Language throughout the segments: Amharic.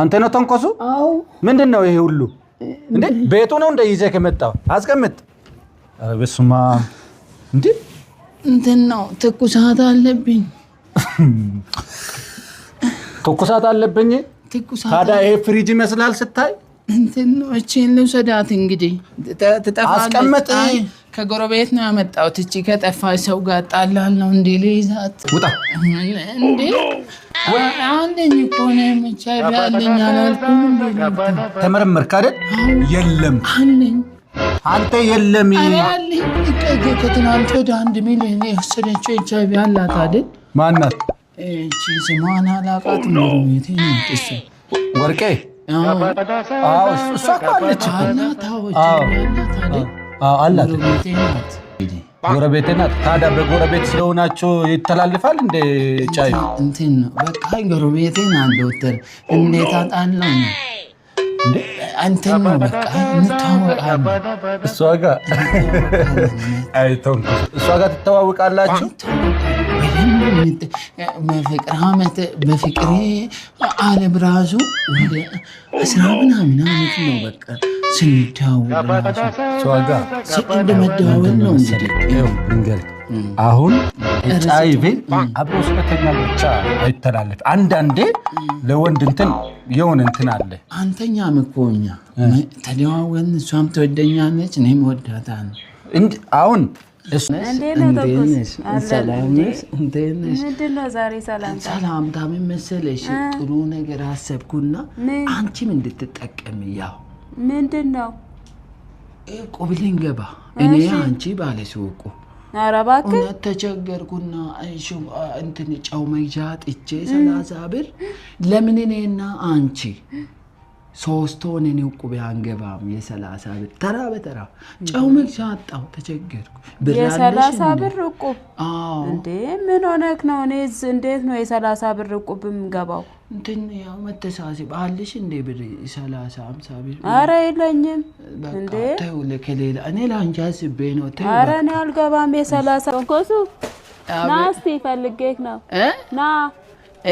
አንተ ነው ተንኮሱ? አዎ። ምንድን ነው ይሄ ሁሉ እንዴ? ቤቱ ነው እንደ ይዘህ ከመጣው አስቀምጥ። በስማ እንዴ እንትን ነው ትኩሳት አለብኝ። ትኩሳት አለብኝ። ታዲያ ይሄ ፍሪጅ ይመስላል ስታይ። እንትን ነው እቺን ልውሰዳት እንግዲህ ትጠፋለች። አስቀምጥ ከጎረቤት ነው ያመጣሁት። እቺ ከጠፋች ሰው ጋር ጣላል ነው እንዲ ልይዛት ውጣ አንደኝ ከሆነ የለም አንተ የለም ከትናንት ወደ አንድ ሚሊዮን የወሰደችው ኤች አይ ቪ አላት አይደል? ማናት? ስሟን አላውቃት። ወርቄ። እሷ እኮ አለች። አላት አዎ፣ አላት አይደል አላት። ጎረቤቴ ናት። ታዲያ በጎረቤት ስለሆናቸው ይተላልፋል እንደ ጫዩ እንትን ነው። በቃ ጎረቤቴ ናት ዶክተር። እንዴት አጣለው ነው አንተን ነው በቃ እንታወቃለን። እሷ ጋር አይተው እሷ ጋር ትተዋውቃላችሁ። ፍቅር ዓመት በፍቅሬ አለም ራሱ ወደ አስራ ምናምን ዓመት ነው በቃ ስንዳወራሱእንደ መደዋወል ነው እንግዲህ አሁን ኤች አይ ቪ አብሮ ስለተኛ ብቻ አይተላለፍ። አንዳንዴ ለወንድ እንትን የሆነ እንትን አለ። አንተኛ ምኮኛ እኛ ተደዋወልን፣ እሷም ትወደኛለች፣ እኔም እወዳታለሁ። አሁን ሰላምታ ምን መሰለሽ፣ ጥሩ ነገር አሰብኩና አንቺም እንድትጠቀም ያው ምንድን ነው? እኔ አንቺ ባለ ተቸገርኩና እንትን ጨው መግዣ ጥቼ ሰላሳ ብር ለምን እኔና አንቺ ሶስት ሆነን አንገባም? የሰላሳ ብር ተራ በተራ ጨው መግዣ አጣሁ፣ ተቸገርኩ። የሰላሳ ብር እቁብ እንዴ? ምን ነው? እኔ እንዴት ነው የሰላሳ ብር እቁብ የምገባው? እንትን ያው መተሳሰብ አለሽ እንደ ብር ሰላሳ አምሳ ብር አረ የለኝም እንዴ ተው እኔ ለአንቺ አስቤ ነው አረ እኔ አልገባም የሰላሳ ኮሱ ና እስቲ ፈልጌክ ነው ና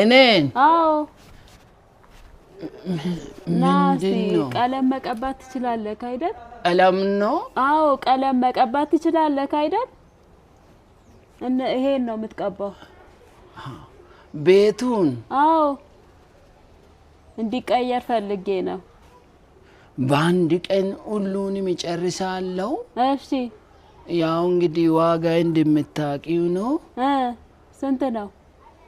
እኔን አዎ ና ቀለም መቀባት ትችላለህ አይደል ቀለም ነው አዎ ቀለም መቀባት ትችላለህ አይደል ይሄን ነው የምትቀባው ቤቱን አዎ እንዲቀየር ፈልጌ ነው። በአንድ ቀን ሁሉንም ይጨርሳለሁ። እሺ፣ ያው እንግዲህ ዋጋ እንደምታውቂው ነው። ስንት ነው?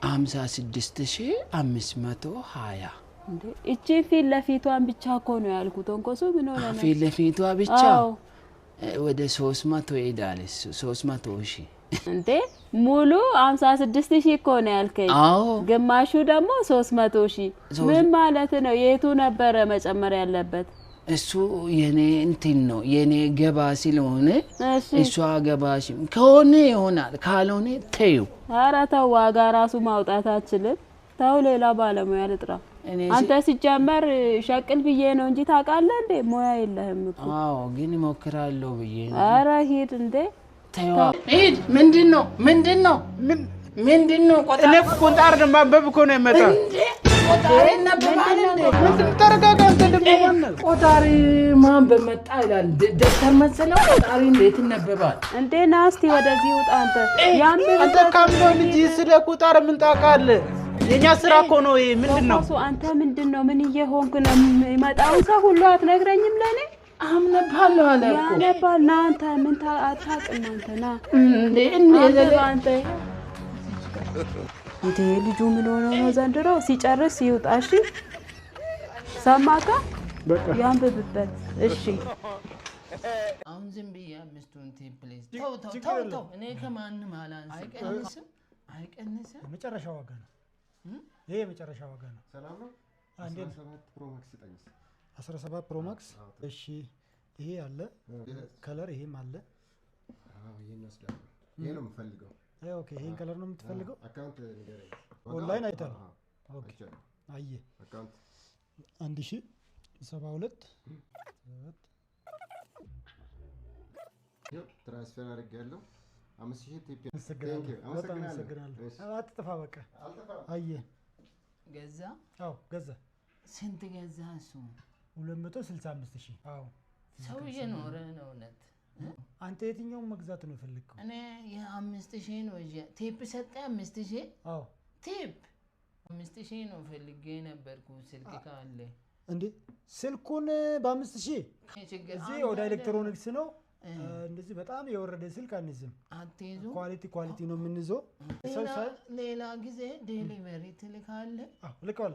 ሀምሳ ስድስት ሺ አምስት መቶ ሀያ እቺ ፊት ለፊቷን ብቻ እኮ ነው ያልኩት። እንኮሱ ምን ሆነ? ፊት ለፊቷ ብቻ ወደ ሶስት መቶ ይሄዳል። ሶስት መቶ ሺህ እንዴ ሙሉ ሀምሳ ስድስት ሺህ እኮ ነው ያልከኝ። ግማሹ ደግሞ ሶስት መቶ ሺህ ምን ማለት ነው? የቱ ነበረ መጨመር ያለበት? እሱ የኔ እንትን ነው የኔ ገባ ስለሆነ እሷ ገባ ከሆነ ይሆናል፣ ካልሆነ ተዩ። ኧረ ተው፣ ዋጋ ራሱ ማውጣት አችልም። ተው፣ ሌላ ባለሙያ ልጥራ። አንተ ሲጀመር ሸቅል ብዬ ነው እንጂ ታውቃለህ እንዴ ሙያ የለህም እኮ። አዎ፣ ግን ሞክራለሁ ብዬ። ኧረ ሂድ እንዴ ሂድ። ምንድን ነው ምንድን ነው ምንድን ነው? እኔ ማንበብ እኮ ነው የመጣው። ቆጣሪ ማንበብ መጣ ይላል። ደብተር መሰለው ቆጣሪ እንዴት ይነበባል እንዴ? ና ወደዚህ ውጣ አንተ። አንተ ካምሎን እንጂ ስለ ቁጣር ምን ታውቃለህ? የኛ ስራ እኮ ነው። ምንድን ነው አንተ? ምንድን ነው ምን እየሆንክ ነው? የሚመጣውን ሰው ሁሉ አትነግረኝም ለእኔ አምነባለሁ አለ እኮ ያነባል። ና አንተ ምን አታውቅም አንተ ና እንዴ! ልጁ ምን ሆኖ ነው ዘንድሮ? ሲጨርስ ይውጣ። እሺ ሰማካ? በቃ ያንብብበት። እሺ አሁን ዝም ብያ ምስቱን ቴምፕሌት ተው ተው ተው ተው። እኔ ከማንም አላንስ። አይቀንስም፣ አይቀንስም። የመጨረሻ ዋጋ ነው ይሄ፣ የመጨረሻ ዋጋ ነው። ሰላም ነው። አንዴ ፕሮ ፕሮማክስ ጠይቅ 17 ፕሮ ማክስ። እሺ ይሄ አለ ከለር፣ ይሄም አለ። ይሄ ነው የምፈልገው። ኦኬ ይሄን ከለር ነው የምትፈልገው? አካውንት ንገረኝ። ኦንላይን አይተን ኦኬ። አየህ አካውንት አንድ ሺህ ሰባ ሁለት ትራንስፈር አድርጌያለሁ። አምስት ሺህ ቲፒ አመሰግናለሁ። አትጥፋ በቃ አየህ። ገዛ አዎ፣ ገዛ ስንት ገዛ እሱ ሁለት መቶ ሺህ አዎ ሰው እየኖረ ነው። እውነት አንተ የትኛውን መግዛት ነው የፈለግከው? እኔ የአምስት ሺህ ነው ቴፕ ሰጠ አምስት ሺህ አዎ ቴፕ አምስት ሺህ ነው ፈልጌ ነበርኩ። ስልክ ካለ እንዴ ስልኩን በአምስት ሺህ እዚህ ወደ ኤሌክትሮኒክስ ነው እንደዚህ በጣም የወረደ ስልክ አንይዝም። ኳሊቲ ኳሊቲ ነው የምንይዘው። ሌላ ጊዜ ዴሊቨሪ ትልካለ ልካለ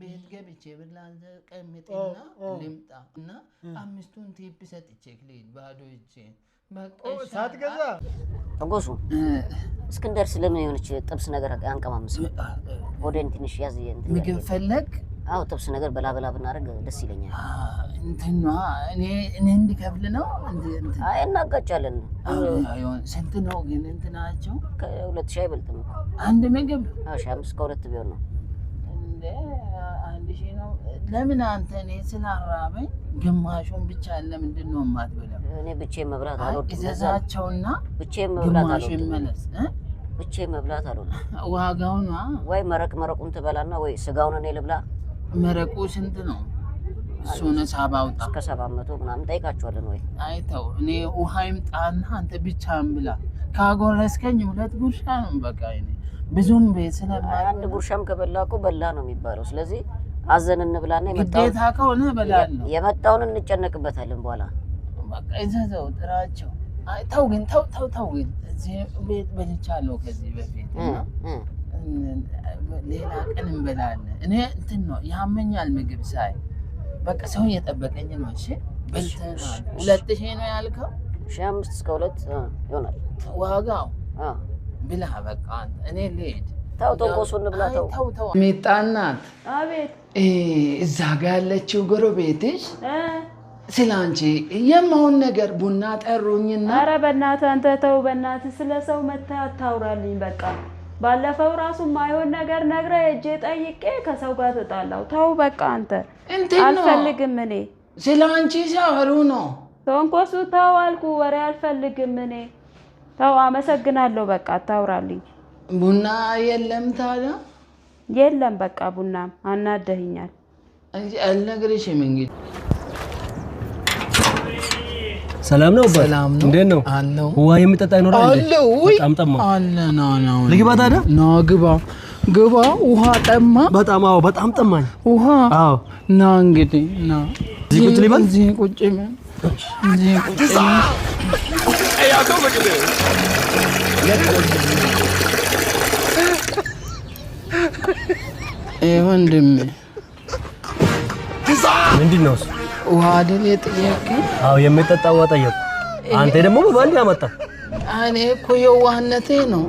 ቤት ገብቼ ብላንተ ቀምጤና ልምጣ እና አምስቱን ቲፕ ሰጥቼ ክሊድ ባዶ እጄ ገዛ ተጎሱ እስክንደር ስለምን የሆነች ጥብስ ነገር አንቀማምስ ወደን ትንሽ ያዝ ምግብ ፈለግ አዎ ጥብስ ነገር በላበላ ብናደርግ ደስ ይለኛል። እንትኗ እኔ እኔ እንዲከፍል ነው። አይ እናጋጫለን። ስንት ነው ግን እንትናቸው? ከሁለት ሺህ አይበልጥም። አንድ ምግብ ሺህ አምስት ከሁለት ቢሆን ነው። እንደ አንድ ሺህ ነው። ለምን አንተ እኔ ስላራበኝ ግማሹን ብቻ ለምንድን ነው የማትበላው? እኔ ብቻዬን መብላት አልወድም። እዘዛቸውና ብቻዬን መብላት አልወድም። ይመለስ ብቻዬን መብላት አልወድም። ዋጋውን ወይ መረቅ መረቁን ትበላና ወይ ስጋውን እኔ ልብላ መረቁ ስንት ነው? እሱን ሰባ አውጣ እስከ ሰባት መቶ ምናምን ጠይቃችኋለን ወይ? አይተው እኔ ውሃ ይምጣና አንተ ብቻ ብላ ካጎረስከኝ ሁለት ጉርሻ ነው በቃ። እኔ ብዙም ቤት ስለማ አንድ ጉርሻም ከበላ እኮ በላ ነው የሚባለው። ስለዚህ አዘን እንብላና ግዴታ ከሆነ በላለሁ። የመጣውን እንጨነቅበታለን በኋላ በቃ። ይዘዘው ጥራቸው። ተው ግን ተው ተው ተው ግን እዚህ ቤት በልቻለሁ ከዚህ በፊት ሌላ ቀን እንበላለን። እኔ እንትን ነው ያመኛል፣ ምግብ ሳይ በቃ ሰው እየጠበቀኝ ነው። እሺ በልተናል። ሁለት ሺህ ነው ያልከው? ሺህ አምስት እስከ ሁለት ይሆናል ዋጋው። ብላ በቃ እኔ ልሄድ። ተው ተንኮሱ እንብላ። ተው ተው። ሚጣ አቤት። እዛ ጋ ያለችው ጎረቤትሽ ስለ አንቺ የማውን ነገር ቡና ጠሩኝና፣ ኧረ በእናትህ አንተ ተው፣ በእናትህ ስለ ሰው መተህ አታውራልኝ በቃ ባለፈው ራሱ ማይሆን ነገር ነግረ እጄ ጠይቄ ከሰው ጋር ተጣላው። ተው በቃ አንተ አልፈልግም እኔ ስለ አንቺ ሲያወሩ ነው ተንኮሱ። ተው አልኩ ወሬ አልፈልግም እኔ ተው። አመሰግናለሁ በቃ አታውራልኝ። ቡና የለም ታዲያ? የለም በቃ ቡናም አናደህኛል። አልነግርሽም እንግዲህ ሰላም ነው። ሰላም ነው። እንዴት ነው? ውሃ የሚጠጣ ይኖራል እንዴ? በጣም ጠማ ልግባ። ታዲያ ና ግባ፣ ግባ። ውሃ ጠማ በጣም። አዎ በጣም ጠማኝ ውሃ። አዎ ና እንግዲህ ና፣ እዚህ ቁጭ ልበል። እዚህ ቁጭ እዚህ ቁጭ ይሄ ወንድሜ ምንድን ነው እሱ ውሃ አይደል የጠየቅከኝ? አዎ የሚጠጣ ውሃ ጠየቅኩ። አንተ ደግሞ በባልዲ አመጣ። እኔ እኮ የዋህነቴ ነው።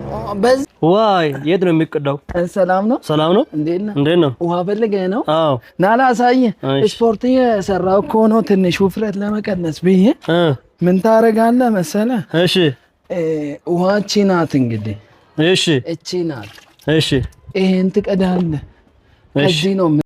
ዋይ የት ነው የሚቀዳው? ሰላም ነው፣ ሰላም ነው። እንዴት ነው? ውሃ ፈልገህ ነው? አዎ ና ላሳይህ። ስፖርት እየሰራሁ እኮ ነው፣ ትንሽ ውፍረት ለመቀነስ ብዬ። ምን ታደርጋለህ መሰለህ? እሺ ውሃ እቺ ናት እንግዲህ። እሺ እቺ ናት። እሺ ይሄን ትቀዳለህ። እዚህ ነው